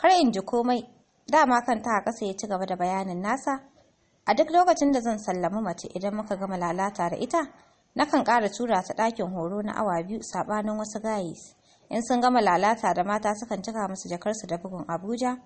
kar in ji komai dama kanta a ƙasa ya ci gaba da bayanin nasa a duk lokacin da zan sallami mace idan muka gama lalata da ita nakan ƙara tura ta ɗakin horo na awa biyu saɓanin wasu gayis in sun gama lalata da mata sukan cika musu jakarsu da bugun abuja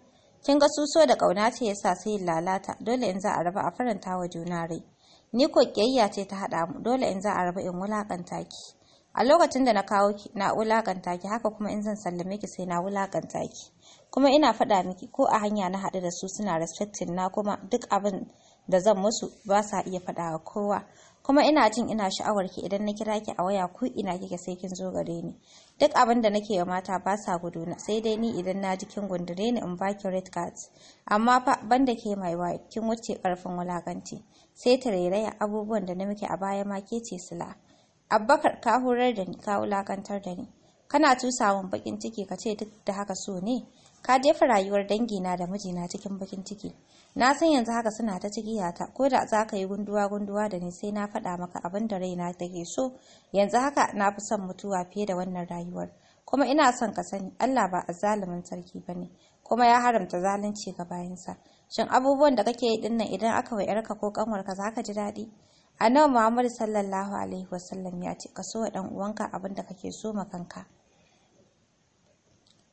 kin ga suso da ƙauna ce yasa sai yin lalata dole in za a raba a faranta wa juna rai ni ko ƙiyayya ce ta haɗa mu dole in za a raba in wulaƙanta ki a lokacin da na kawo ki na wulaƙanta ki haka kuma in zan sallame ki sai na wulaƙanta ki kuma ina faɗa miki ko a hanya na haɗu da su suna respectin na kuma duk abin da zan musu ba sa iya faɗa wa kowa kuma ina jin ina sha'awar ki idan na kira ki a waya ko ina kike sai kin zo gare ni duk abin da nake wa mata ba sa guduna sai dai ni idan na ji kin gundure ni in ba ki red card amma fa banda ke mai wa kin wuce karfin wulakanci sai ta tarairaya abubuwan da na miki a baya ma ke ce sila abbakar ka horar da ni ka wulakantar da ni kana tusa min bakin ciki ka ce duk da haka so ne ka jefa rayuwar dangi na da mijina cikin bakin ciki na san yanzu haka suna ta cikiyata ko da za ka yi gunduwa gunduwa da ni sai na faɗa maka abin da raina take so yanzu haka na fi son mutuwa fiye da wannan rayuwar kuma ina son ka sani Allah ba a azzalumin sarki ba ne. kuma ya haramta zalunci ga bayansa shin abubuwan da kake yi dinnan idan aka wa yarka ko kanwarka za ka ji daɗi annabi Muhammad sallallahu alaihi wasallam ya ce ka so wa dan uwanka abin da kake so ma kanka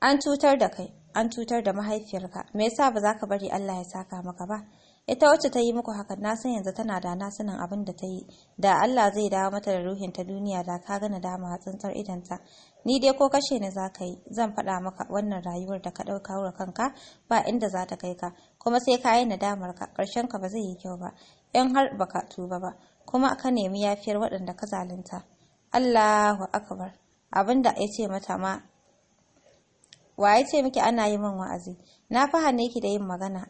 an cutar da kai an cutar da mahaifiyarka me yasa ba za ka bari Allah ya saka maka ba ita wacce ta yi muku haka? na san yanzu tana da na sanin abin da ta yi da Allah zai dawo mata da ruhin ta duniya da ka gana dama a tsantsar idanta ni dai ko kashe ni za ka yi zan faɗa maka wannan rayuwar da ka ɗauka wa kanka ba inda za ta kai ka kuma sai ka yi nadamar ka ƙarshen ka ba zai yi kyau ba in har baka tuba ba kuma ka nemi yafiyar waɗanda ka zalunta Allahu akbar abinda ya ce mata ma wa ya ce miki ana yi min wa'azi na hannu yake da yin magana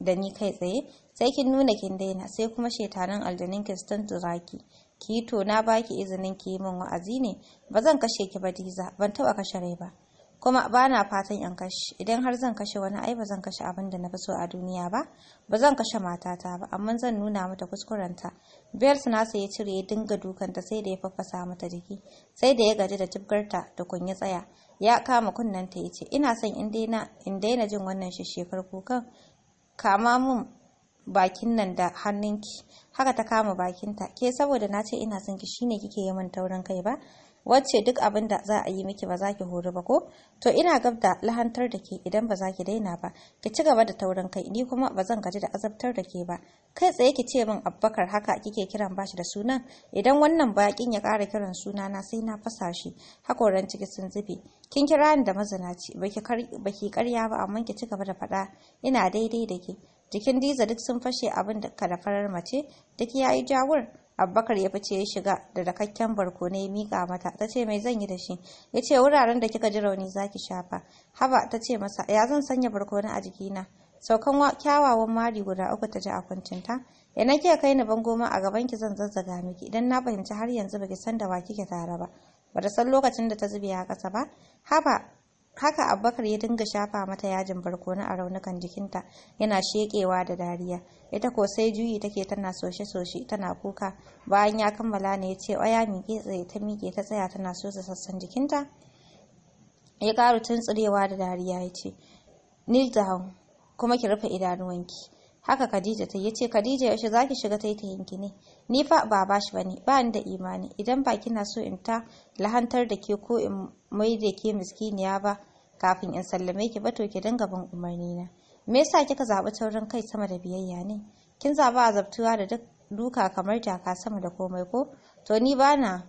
da ni kai tsaye sai kin nuna kin daina sai kuma shetanan aljanin ki turaki ki to na baki izinin ki yi min wa'azi ne ba zan kashe ki ba diza ban taba kashe rai ba kuma ba na fatan in kashe idan har zan kashe wani ai ba zan kashe abin da na fi so a duniya ba ba zan kashe matata ba amma zan nuna mata kuskurenta biyar nasa ya cire ya dinga dukanta sai da ya faffasa mata jiki sai da ya gaji da cibgarta da kun ya tsaya ya kama kunnanta ya ce ina son in daina jin wannan shishefar kukan kama mun bakin nan da hannunki haka ta kama bakinta ke saboda na ce ina son ki shine kike yi min taurin kai ba wacce duk abin da za a yi miki ba za ki hori ba ko to ina gab da lahantar da ke idan ba za ki daina ba ki ci gaba da taurin kai ni kuma ba zan gaji da azabtar da ke ba kai tsaye ki ce min abbakar haka kike kiran bashi da sunan idan wannan bakin ya ƙara kiran suna na sai na fasa shi hakoran ciki sun zube kin kira ni da mazinaci baki karya ba amma ki ci gaba da faɗa ina daidai da ke jikin diza duk sun fashe abin da farar mace duk yayi jawur Abubakar ya fice ya shiga da rakakken barkono ya mika mata ta ce mai zan yi da shi ya ce wuraren da kika ji rauni za ki shafa haba ta ce masa ya zan sanya barkono a jikina saukan kyawawan mari guda uku ta ji a kwancinta. Ina kika kai ni bango ma a gaban ki zan zazzaga miki idan na fahimci har yanzu baki san da wa kike tare ba bata san lokacin da ta zube a ƙasa ba haba haka abubakar ya dinga shafa mata yajin barkono a raunukan jikinta yana sheƙewa da dariya ita ko sai juyi take tana soshe-soshe tana kuka bayan ya kammala ne ya ce oya miƙe tsaye ta miƙe ta tsaya tana sosa sassan jikinta ya ƙara tuntsirewa da dariya ya ce kneel down kuma ki rufe idanuwanki haka Khadija ta yace Khadija yaushe zaki shiga ta ki ne ni fa ba bashi bane ba ni da imani idan ba kina so in ta lahantar da ke ko in mai da ke miskiniya ba kafin in sallame ki ba to ki dinga bin umarni na me yasa kika zabi taurin kai sama da biyayya ne kin zaba azabtuwa da duk duka kamar jaka sama da komai ko to ni bana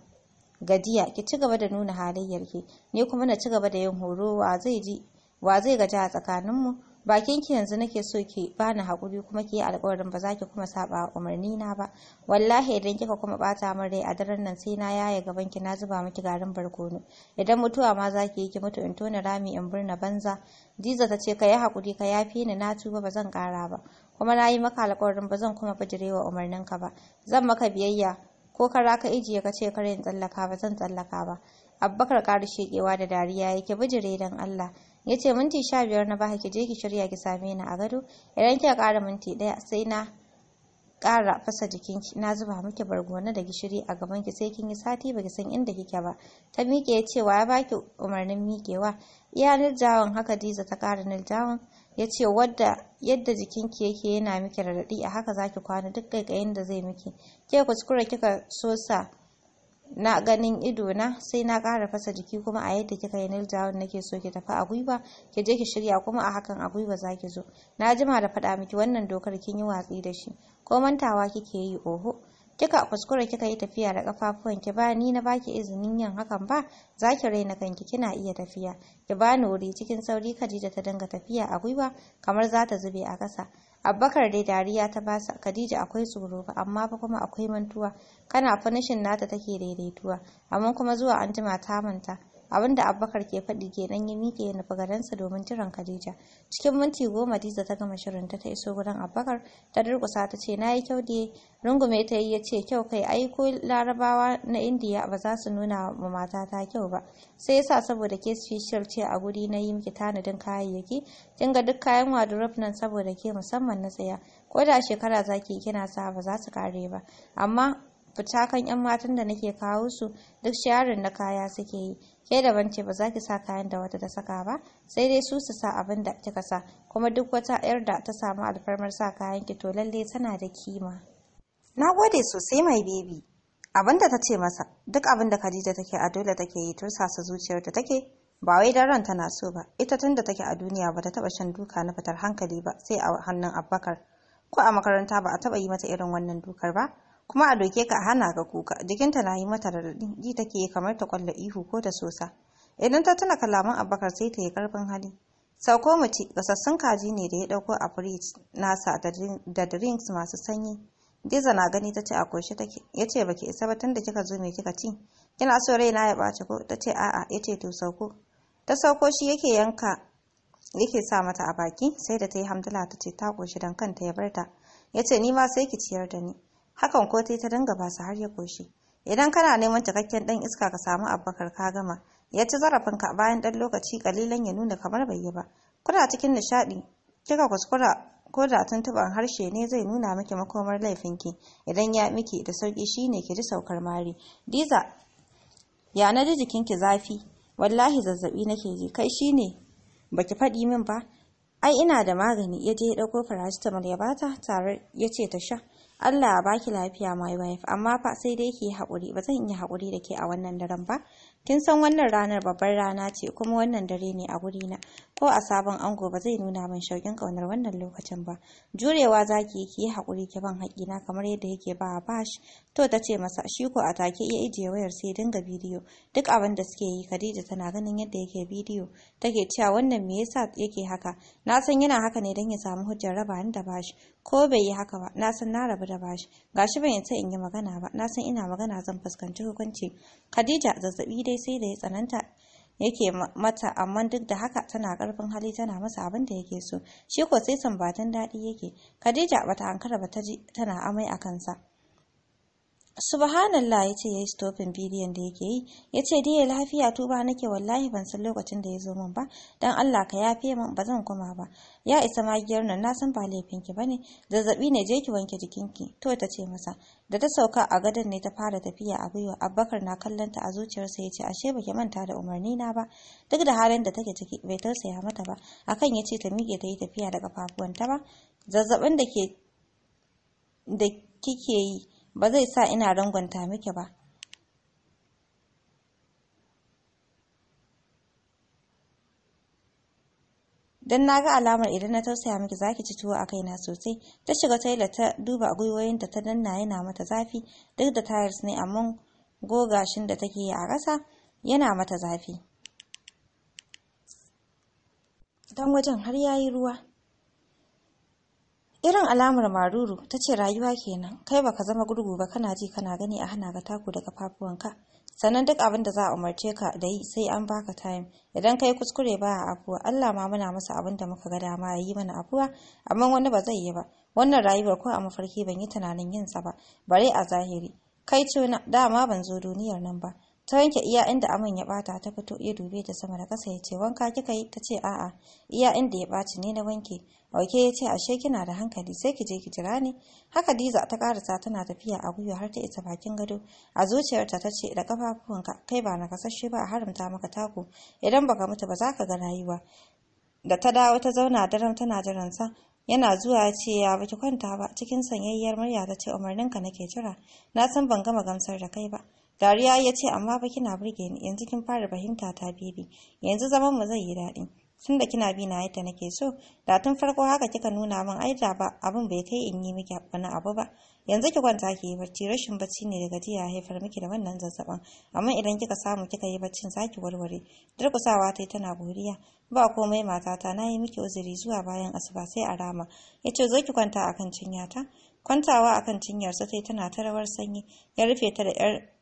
gadiya ki ci gaba da nuna halayyar halayyarki ni kuma na ci gaba da yin horo wa zai ji wa zai gaji a tsakaninmu bakin ki yanzu nake so ki bani hakuri kuma ki yi alƙawarin ba za ki kuma saba umarni na ba wallahi idan kika kuma bata min rai a daren nan sai na yaye gaban ki na zuba miki garin barkono idan mutuwa ma za ki yi ki mutu in tona rami in burna banza diza ta ce ka yi hakuri ka yafi ni na tuba ba zan ƙara ba kuma na yi maka alƙawarin ba zan kuma bijirewa umarninka ba zan maka biyayya ko kara ka ijiye ka ce kar yin tsallaka ba zan tsallaka ba Abubakar ƙara shekewa da dariya yake bijire don allah yace minti sha biyar na baka ki je ki shirya ki same ni a gado idan kika kara minti daya sai na kara fasa jikinki na zuba miki bargona da gishiri a gaban ki sai kin yi sati baki san inda kike ba ta miƙe cewa ya baki umarnin miƙewa iya niljawan haka diza ta ƙara niljawan ya ce wadda yadda jikinki yake yana miki raɗaɗi a haka zaki kwana duk ƙaiƙayin da zai miki ke kuskura kika sosa na ganin ido na sai na ƙara fasa jiki kuma a yadda kika yi nil wanda nake so ki tafi a gwiwa ki je ki shirya kuma a hakan a gwiwa za ki zo na jima da faɗa miki wannan dokar kin yi watsi da shi ko mantawa kike yi oho kika kuskure kika yi tafiya da kafafuwan ki ba ni na baki izinin yin hakan ba Za ki raina kanki kina iya tafiya ki bani wuri cikin sauri kadija ta dinga tafiya a gwiwa kamar za ta zube a ƙasa. Abubakar dai dariya ta basa Khadija akwai tsoro fa amma fa kuma akwai mantuwa kana fa nishin nata take daidaituwa amma kuma zuwa anjima ta manta abin da abubakar ke faɗi kenan ya miƙe ya nufi gadansa domin jiran khadija cikin minti goma diza ta gama shirin ta ta iso gurin abubakar ta durkusa ta ce na yi kyau da rungume ta yi ya ce kyau kai ai ko larabawa na indiya ba za su nuna wa ta kyau ba sai yasa saboda ke special ce a guri na yi miki tanadin kayayyaki kin ga duk kayan wardrobe nan saboda ke musamman na tsaya ko da shekara zaki kina sa ba za su kare ba amma fita kan yan matan da nake kawo su duk sharin na kaya suke yi ke da ce ba za ki sa kayan da wata ta saka ba sai dai su su sa abin da kika sa kuma duk wata yar da ta samu alfarmar sa kayan ki to lalle tana da kima na gode sosai mai bebi abin da ta ce masa duk abin da Khadija take a dole take yi tun sasa ta take ba wai dan ran tana so ba ita tun da take a duniya ba ta taba shan duka na fitar hankali ba sai a hannun Abubakar ko a makaranta ba a taba yi mata irin wannan dukar ba kuma a doke ka a hana ga kuka jikinta na yi mata da daɗi ji take kamar ta kwalla ihu ko ta sosa idan ta tuna kalaman abakar sai ta yi karfin hali sauko mu ci gasassun kaji ne da ya ɗauko a firij nasa da drinks masu sanyi Diza na gani ta ce a koshe take ya ce baki isa ba tun da kika zo me kika ci kina so raina ya ɓaci ko ta ce a'a ya ce to sauko ta sauko shi yake yanka yake sa mata a baki sai da ta yi hamdala ta ce ta koshi don kanta ya bar ta ya ce ni ma sai ki ciyar da ni hakan ko ta dinga ba su har ya koshi idan kana neman cikakken dan iska ka samu abubakar ka gama ya ci ka bayan dan lokaci kalilan ya nuna kamar bai yi ba kuna cikin nishadi kika kuskura ko da tuntuban harshe ne zai nuna miki makomar laifinki idan ya miki da sauki shine ki ji saukar mari diza ya na ji jikinki zafi wallahi zazzabi nake ji kai shine baki faɗi min ba ai ina da magani ya je ya ɗauko farasitamol ya bata tare ya ce ta sha Allah a baki lafiya my wife amma fa sai dai ki haƙuri ba zan iya haƙuri da ke a wannan daren ba kin san wannan ranar babbar rana ce kuma wannan dare ne a gurina ko a sabon ango ba zai nuna min shauƙin kaunar wannan lokacin ba jurewa za ki yi ki yi haƙuri ki ban na kamar yadda yake ba a bash to ta ce masa shi ko a take iya ijiye wayar sai dinga bidiyo duk abin da suke yi Khadija tana ganin yadda yake bidiyo take cewa wannan me yasa yake haka na san yana haka ne don ya samu hujjar raba ni da bashi. ko bai yi haka ba na san na rabu da bashi gashi ban ta in yi magana ba na san ina magana zan fuskanci hukunci Khadija zazzabi dai sai da ya tsananta yake mata amma duk da haka tana karfin hali tana masa abin da yake so shi ko sai sambatun daɗi yake khadija bata hankara ba ta ji tana amai a kansa subhanallah ya ce ya yi stopin bidiyon da yake yi ya ce dai lafiya tuba nake wallahi ban san lokacin da ya zo min ba don allah ka yafe min ba zan kuma ba ya isa magiyar nan na san ba laifinki ba ne zazzabi ne je ki wanke jikinki to ta ce masa da ta sauka a gadon ne ta fara tafiya a gwiwa abbakar na kallon ta a zuciyarsa ya ce ashe ba baki manta da umarni na ba duk da halin da take ciki bai tausaya mata ba akan ya ce ta miƙe ta yi tafiya da ta ba zazzabin da ke da kike yi ba zai sa ina rangwanta miki ba dan na ga alamar idan na tausaya miki zaki ci tuwo a kaina sosai ta shiga taila ta duba gwiwoyinta ta danna yana mata zafi duk da tires ne amma gogashin da take yi a ƙasa yana mata zafi dan wajen har yayi ruwa irin alamar maruru ta ce rayuwa kenan kai baka zama gurgu ba kana ji kana gani a hana ga taku da kafafuwanka sannan duk abin da za a umarce ka da yi sai an baka time idan kai kuskure ba a afuwa Allah ma muna masa abin da muka ga dama ya yi mana afuwa amma wani ba zai yi ba wannan rayuwar ko a mafarki ban yi tunanin yin sa ba bare a zahiri kai tuna dama ban zo duniyar nan ba ta yanke iya inda aman ya bata ta fito ya dube ta sama da kasa ya ce wanka kika yi ta ce a'a iya inda ya baci ne na wanke auke ya ce ashe kina da hankali sai ki je ki jira ne? haka diza ta karasa tana tafiya a gwiwa har ta isa bakin gado a zuciyarta ta ce da kafafunka kai ba na kasashe ba a haramta maka taku idan baka mutu ba za ka ga rayuwa da ta dawo ta zauna daren tana jiransa yana zuwa ya ce ya baki kwanta ba cikin sanyayyar murya ta ce umarninka nake jira na san ban gama gamsar da kai ba Dariya ya ce amma ba kina burge ni yanzu kin fara fahimta ta bibi yanzu zaman mu zai yi daɗi Tunda kina bi na yadda nake so da tun farko haka kika nuna min ai da ba abin bai kai in yi miki wani abu ba yanzu ki kwanta ki yi bacci rashin bacci ne daga jiya haifar miki da wannan zazzabin amma idan kika samu kika yi baccin zaki warware durkusawa yi tana godiya ba komai matata na yi miki uzuri zuwa bayan asuba sai a rama ya ce zo ki kwanta akan ta. kwantawa a kan cinyarsa sai tana ta rawar sanyi ya rufe ta da yar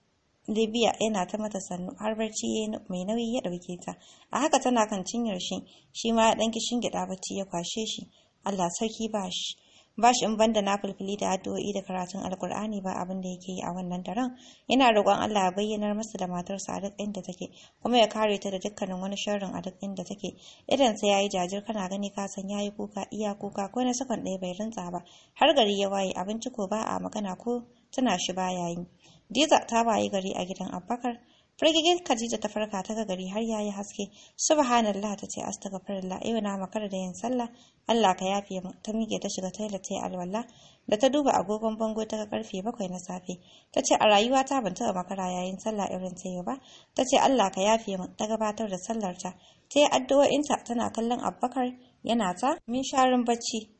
Libya yana ta mata sannu har barci mai nauyi ya ɗauke ta. A haka tana kan cinyar shi, shi ma ya ɗan kishin gida bacci ya kwashe shi. Allah sarki ba shi. Ba shi in banda na fulfili da addu'o'i da karatun Alkur'ani ba abin da yake yi a wannan daren. Yana roƙon Allah ya bayyana masa da matarsa a duk inda take, kuma ya kare ta da dukkanin wani sharrin a duk inda take. Idan sa yayi jajir kana gani ka san yayi kuka iya kuka ko na sakon ɗaya bai rintsa ba. Har gari ya waye abinci ko ba a magana ko tana shi baya yi diza ta bayi gari a gidan Abubakar. firgigin khadija ta farka ta gari har yayi haske subhanallah ta ce astaghfirullah yau na makara da yin sallah Allah ka yafe mu ta mige ta shiga taila ta yi alwala da ta duba agogon bango ta ga karfe bakwai na safe ta ce a rayuwa ta ban taɓa makara yayin sallah irin ta ba ta ce Allah ka yafe mu ta gabatar da sallar ta ta yi addu'o'inta tana kallon Abubakar, yana ta min sharin bacci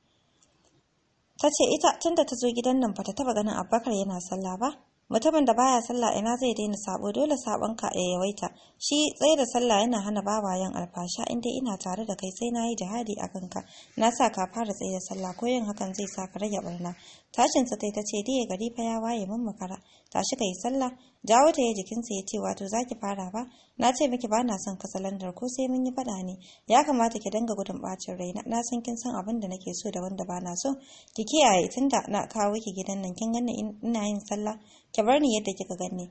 ta ce ita tunda ta zo gidan nan ba ta taba ganin Abubakar yana sallah ba mutumin da baya sallah ina zai daina sabo dole ka ya yawaita shi tsaye da sallah yana hana yan alfasha in ina tare da kai sai na nayi jihadi a kanka na sa ka fara tsaye da sallah ko yin hakan zai sa ka rage barna tashin sa kai ta ce dai gari fa ya waye mun makara tashi kai sallah jawo ta ya jikinsa ya ce wato zaki fara ba na ce miki ba na son kasalandar ko sai mun yi fada ne ya kamata ki danga gudun bacin rai na san kin san abin da nake so da wanda ba na so ki kiyaye tunda na kawo ki gidan nan kin ganna ina yin sallah ki bar ni yadda kika ganni.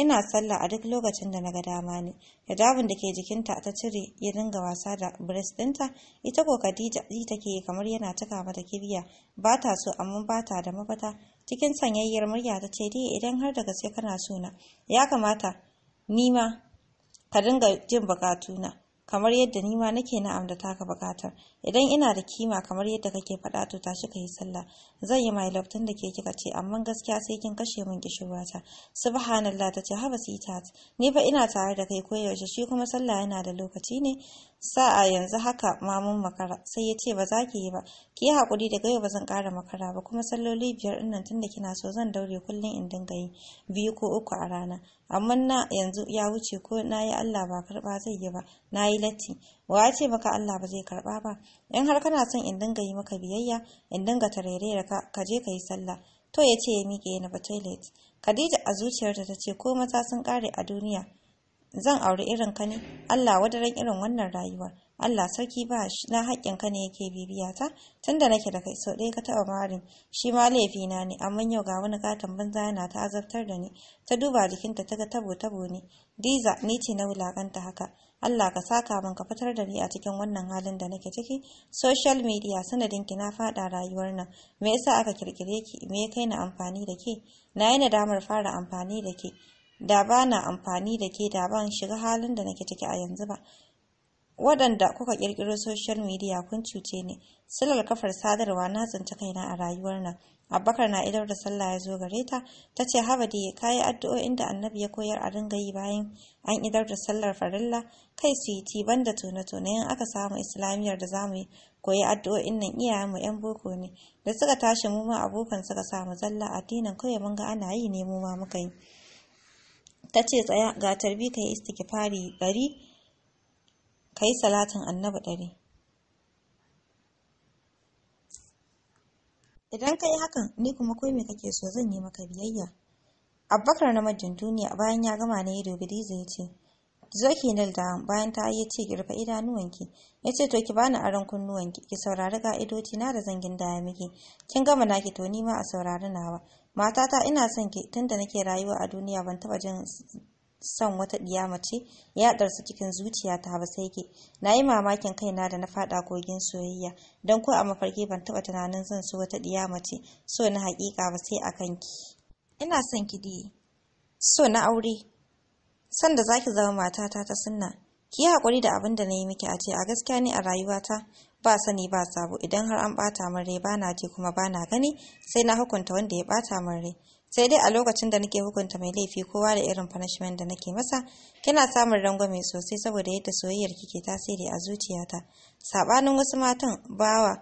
ina sallah a duk lokacin da naga dama ne hijabin da ke jikinta ta cire ya dinga wasa da breast ɗinta ita ko Khadija ji take kamar yana cika mata kirya. ba ta so amma ba ta da mafata cikin sanyayyar murya ta ce dai idan har da gaske kana so na ya kamata ni ma ka dinga jin bukatuna kamar yadda nima nake na'am da taka bukatar idan ina da kima kamar yadda kake faɗa to tashi ka yi sallah zan yi mai laftin da ke kika ce amma gaskiya sai kin kashe min kishirwata subhanallah tace ce haba sitat ni fa ina tare da kai koyaushe shi kuma sallah yana da lokaci ne sa'a yanzu haka mamun makara sai ya ce ba za ki yi ba ki yi hakuri daga yau ba zan ƙara makara ba kuma salloli biyar ɗin nan tunda kina so zan daure kullum in dinga yi biyu ko uku a rana amma na yanzu ya wuce ko na yi Allah ba karɓa zai yi ba na yi latti wa ce maka Allah ba zai karɓa ba in har kana son in dinga yi maka biyayya in dinga tarere ka ka je ka yi sallah to ya ce ya miƙe yana ba toilet Khadija a zuciyarta ta ce ko maza sun kare a duniya zan auri irin ka ne Allah wadaran irin wannan rayuwar Allah sarki ba shi na haƙƙin ka ne yake bibiya ta tunda nake da kai sau ɗaya ka taɓa marin shi ma laifi na ne amma yau ga wani katon banza yana ta azabtar da ni ta duba jikinta ta ga tabo tabo ne diza ni ce na wulaƙanta haka Allah ka saka min ka fitar da ni a cikin wannan halin da nake ciki social media sanadin ki na faɗa rayuwar nan me yasa aka kirkire ki me ya kai na amfani da ke na yi nadamar fara amfani da ke da ba na amfani da ke da ban shiga halin da nake ciki a yanzu ba waɗanda kuka ƙirƙiro social media kun cuce ne silar kafar sadarwa na zance kaina a rayuwar nan abubakar na idar da sallah ya zo gare ta ta ce habadi ka yi addu'o'in da annabi ya koyar a ringa yi bayan an idar da sallar farilla kai su yi tiban da tone-tone in aka samu islamiyar da za mu koyi addu'o'in nan iyayen mu 'yan boko ne da suka tashi mu ma abokan suka samu zalla addinin kawai mun ga ana yi ne mu ma muka yi ta ce tsaya ga tarbi ka yi istikifari ɗari ka yi salatin annaba ɗari idan ka yi hakan ni kuma kai mai kake so zan yi maka biyayya abbakar na majin duniya bayan ya gama na yi dobidiza ya ce zo ki nil da bayan ta yi ce girfa idanuwanki ya ce to ki bani aron kunnuwanki ki saurari ka'idoci na da zangin daya miki kin gama naki to ni ma a saurari nawa matata ina son ki tunda nake rayuwa a duniya ban taba jin son wata ɗiya mace ya ɗarsu cikin zuciyata ba sai ke na yi mamakin kaina da na faɗa kogin soyayya don ko a mafarki ban taɓa tunanin zan so wata ɗiya mace so na haƙiƙa ba sai a kan ki. ina son ki diye so na aure san da zaki zama matata ta sunna ki yi haƙuri da abin da na yi miki a ce a gaskiya ne a rayuwata ba sani ba sabo idan har an bata min rai bana ji kuma bana gani sai na hukunta wanda ya bata min rai sai dai a lokacin da nake hukunta mai laifi kowa da irin punishment da nake masa kina samun rangwame sosai saboda yadda soyayyar kike tasiri a zuciyata sabanin wasu matan bawa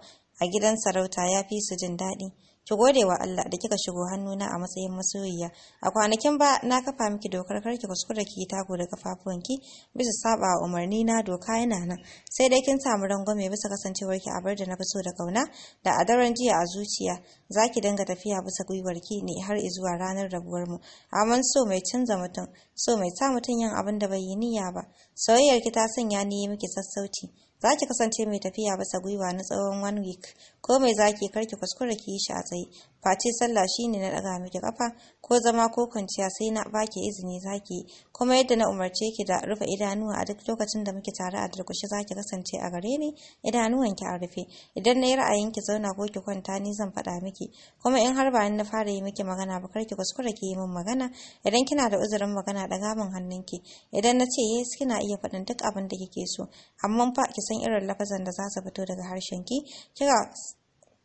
a gidan sarauta ya fi su jin daɗi ki gode wa Allah da kika shigo hannuna a matsayin masoyiya a kwanakin ba na kafa miki dokar karki kuskure ki tago da kafafuwanki bisa saba umarni na doka yana nan sai dai kin samu rangwame bisa kasancewar ki abar da na fi so da kauna da a daren jiya a zuciya zaki danga tafiya bisa ki ne har zuwa ranar rabuwar mu amma so mai canza mutum so mai sa mutum yin abin da bai yi niyya ba soyayyar ki ta sanya ni miki sassauci za ki kasance mai tafiya bisa gwiwa na tsawon one week ko mai zaki karki kuskura ki yi shi a tsaye face sallah shine na daga miki kafa ko zama ko kwanciya sai na baki izini zaki kuma yadda na umarce ki da rufe idanuwa a duk lokacin da muke tare a durkushe zaki kasance a gare ni Idanuwan ki a rufe idan na yi ra'ayin ki zauna ko ki kwanta ni zan faɗa miki kuma in har ba na fara yi miki magana ba karki kuskura ki yi min magana idan kina da uzurin magana daga min ki idan na ce yes kina iya faɗin duk abin da kike so amma fa ki san irin lafazan da za su fito daga harshen ki kika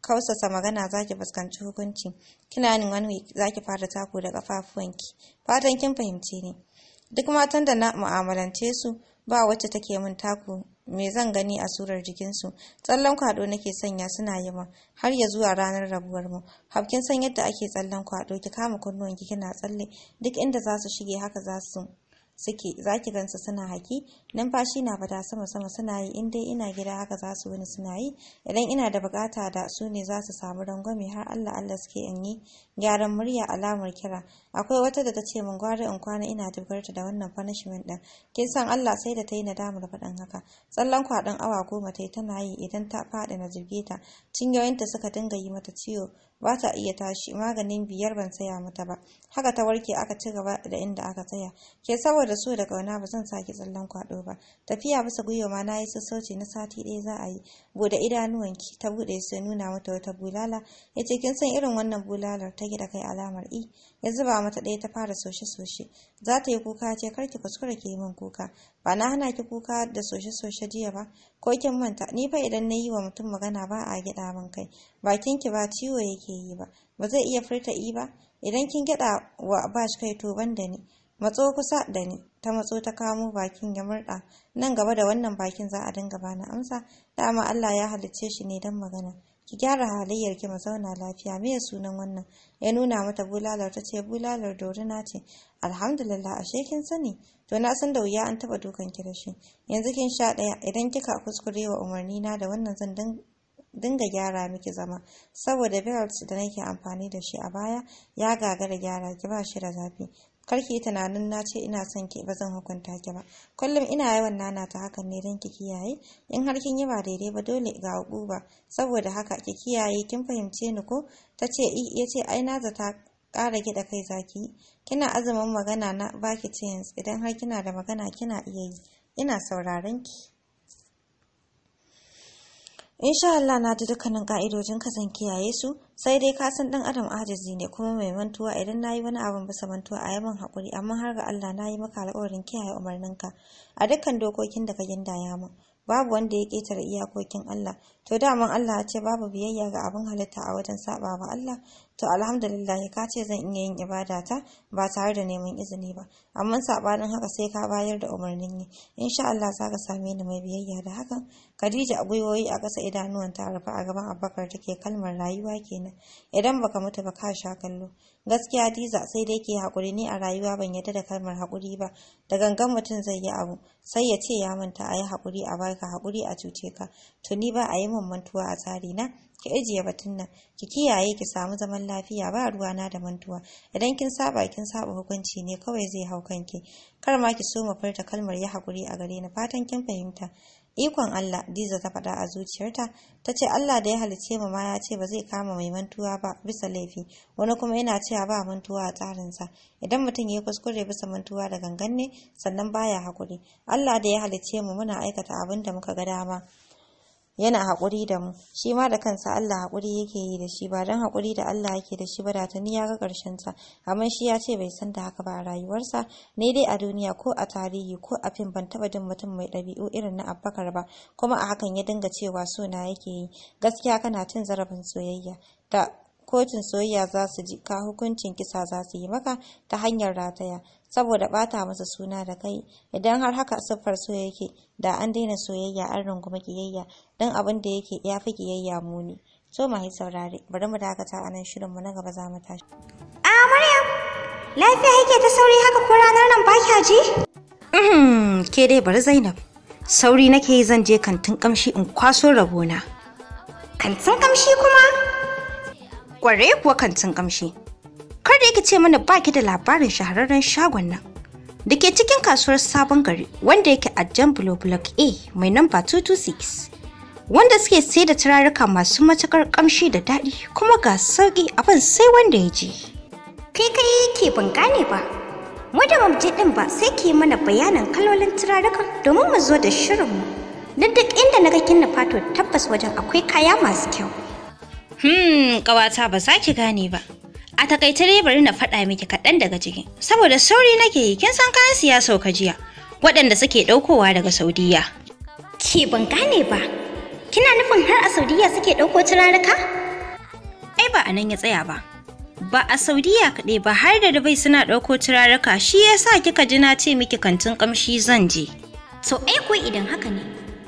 kausasa magana zaki fuskanci hukunci kina yin wani zaki fara taku da kafafuwanki fatan kin fahimce ni duk matan da na mu'amalance su ba wacce take min taku me zan gani a surar jikinsu tsallan kwado nake sanya suna yi har ya zuwa ranar rabuwar mu hafkin san yadda ake tsallan kwado ki kama kunnuwanki kina tsalle duk inda za su shige haka za su suke zaki gansu suna haki numfashi na fita sama sama suna yi in dai ina gida haka za su wani suna yi idan ina da bukata da su ne za su samu rangwame har Allah Allah suke in yi gyaran murya alamar kira akwai wata da ta ce min gwari in kwana ina ta da wannan punishment din kin san Allah sai da ta yi nadamar faɗan haka tsallan kwaɗin awa goma ta yi tana yi idan ta faɗi na jirge ta cinyoyinta suka dinga yi mata ciwo ba ta iya tashi maganin biyar ban saya mata ba haka ta warke aka ci gaba da inda aka tsaya ke saboda saboda so da kauna ba zan sake tsallon kwado ba tafiya bisa gwiwa ma na yi sassauci na sati ɗaya za a yi bude idanuwanki ta bude sai nuna mata wata bulala ya ce kin san irin wannan bulalar ta gida kai alamar i ya zuba mata ɗaya ta fara soshe-soshe za ta yi kuka ce kar ki kuskure ki yi min kuka ba na hana ki kuka da soshe-soshe jiya ba ko kin manta ni fa idan na yi wa mutum magana ba a gyaɗa min kai bakin ki ba ciwo yake yi ba ba zai iya furta i ba idan kin gyaɗa wa bashi kai to ban da ni matso kusa da ni ta matso ta kamo bakin ya murda nan gaba da wannan bakin za a dinga bana amsa dama Allah ya halicce shi ne dan magana ki gyara halayyar ki mu zauna lafiya me sunan wannan ya nuna mata bulalar ta ce bulalar dorina ce alhamdulillah ashe kin sani to na san da wuya an taba dukan ki da shi yanzu kin sha daya idan kika kuskure wa umarni na da wannan zan dinga gyara miki zama saboda belt da nake amfani da shi a baya ya gagara gyara ki ba shi da zafi kar ki yi tunanin na ce ina son ki ba zan hukunta ki ba kullum ina yawan nana ta hakan ne don ki kiyaye in har kin yi ba daidai ba dole ga ba saboda haka ki kiyaye kin fahimce ni ko ta ce i ya ce ai na zata ƙara gida kai zaki kina azumin magana na baki ce yanzu idan har kina da magana kina iya yi ina sauraron ki insha Allah na ji dukkanin ka'idojin ka zan kiyaye su sai dai ka san dan adam ajizi ne kuma mai mantuwa idan nayi wani abin bisa mantuwa a yaman hakuri amma har ga Allah nayi maka alƙawarin kiyaye umarnin ka a dukkan dokokin da ka gindaya min babu wanda ya ketare iyakokin Allah to da mun Allah ya ce babu biyayya ga abin halitta a wajen saba ba Allah to alhamdulillah ka ce zan iya yin ibada ta? ba tare da neman izini ba amma sabanin haka sai ka bayar da umarnin yi insha Allah za ka same ni mai biyayya da hakan Khadija a gwiwoyi a ƙasa idanuwan ta rufe a gaban Abubakar take kalmar rayuwa kenan idan baka mutu ba ka sha kallo gaskiya Diza sai dai ke hakuri ni a rayuwa ban yadda da kalmar hakuri ba da gangan mutum zai yi abu sai ya ce ya manta a yi hakuri a baka hakuri a cuce ka to ni ba a yi min a tsari na ki ajiye batun nan ki kiyaye ki samu zaman lafiya ba ruwa na da mantuwa idan kin saba kin saba hukunci ne kawai zai hau kanki kar ma ki so mu furta kalmar ya hakuri a gare ni fatan kin fahimta ikon Allah Diza ta faɗa a zuciyarta ta ce Allah da ya halice mu ma ya ce ba zai kama mai mantuwa ba bisa laifi wani kuma yana cewa ba mantuwa a tsarinsa idan mutum ya kuskure bisa mantuwa da gangan ne sannan baya hakuri Allah da ya halice mu muna aikata abin da muka ga dama yana haƙuri da mu shi ma da kansa Allah haƙuri yake yi da shi ba don haƙuri da Allah yake da shi ba da tuni ya ga ƙarshen ta amma shi ya ce bai san da haka ba a rayuwarsa ne dai a duniya ko a tarihi ko a fim ban taba jin mutum mai ɗabi'u irin na Abubakar ba kuma a hakan ya dinga cewa suna yake yi gaskiya kana cin zarafin soyayya da kotun soyayya za su ji ka hukuncin kisa za su yi maka ta hanyar rataya saboda bata masa suna da kai idan har haka siffar so yake da an daina soyayya an runguma kiyayya dan abin da yake ya fi kiyayya muni so mai saurare bari mu dakata a nan shirinmu na gaba za mu tashi a maryam lafiya yake ta sauri haka ko ranar nan ba kya ji uhm, ke dai bari zainab sauri nake yi zan je kantin kamshi in kwaso rabona kantin kamshi kuma kware kuwa kantin kamshi kar da yake ce mana baki da labarin shahararren shagon nan da ke cikin kasuwar sabon gari wanda yake a jan block a mai namba 226 wanda suke sai da turaruka masu matukar kamshi da daɗi kuma ga sauƙi abin sai wanda ya je kai kai ke ban gane ba wadda mu je din ba sai ke mana bayanan kalolin turarukan domin mu zo da shirinmu don duk inda na ga kinna fato tabbas wajen akwai kaya masu kyau hmm ƙawata ba za ki gane ba A takaice dai bari na faɗa miki kaɗan daga ciki, saboda sauri nake yi kin san kayan siya sauka jiya, waɗanda suke ɗaukowa daga Saudiya. Ke ban gane ba, kina nufin har a Saudiyya suke ɗauko turaruka? Ai ba a nan ya tsaya ba. Ba a Saudiyya kaɗai ba har da Dubai suna ɗauko turaruka shi yasa kika ji na ce miki kantin ƙamshi zan je. To ai ko idan haka ne,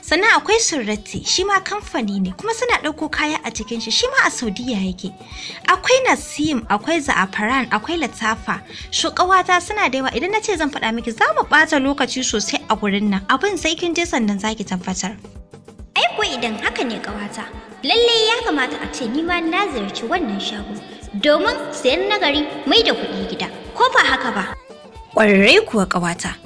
sannan akwai surratti shi ma kamfani ne kuma suna ɗauko kaya a cikin shi shi ma a saudiya yake akwai nasim akwai za'afaran akwai latafa shukawata suna da yawa idan na ce zan faɗa miki za mu ɓata lokaci sosai a gurin nan abin sai kin je sannan zaki tabbatar ai ko idan haka ne kawata lalle ya kamata a ce ni ma na ziyarci wannan shago domin sayan nagari mai da kuɗi gida ko ba haka ba ƙwararrai kuwa kawata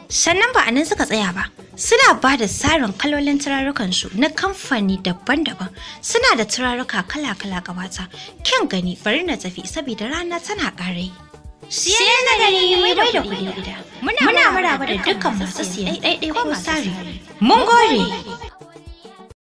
Sannan ba a nan suka tsaya ba, suna ba da tsarin kalolin turarukansu na kamfani daban-daban suna da turaruka kala-kala gabata. Kyan gani bari na tafi saboda rana tana ƙarai. Siyan da gani mai bai da kuɗi gida. Muna maraba da dukkan masu siyan ɗaiɗai ko Mun gore!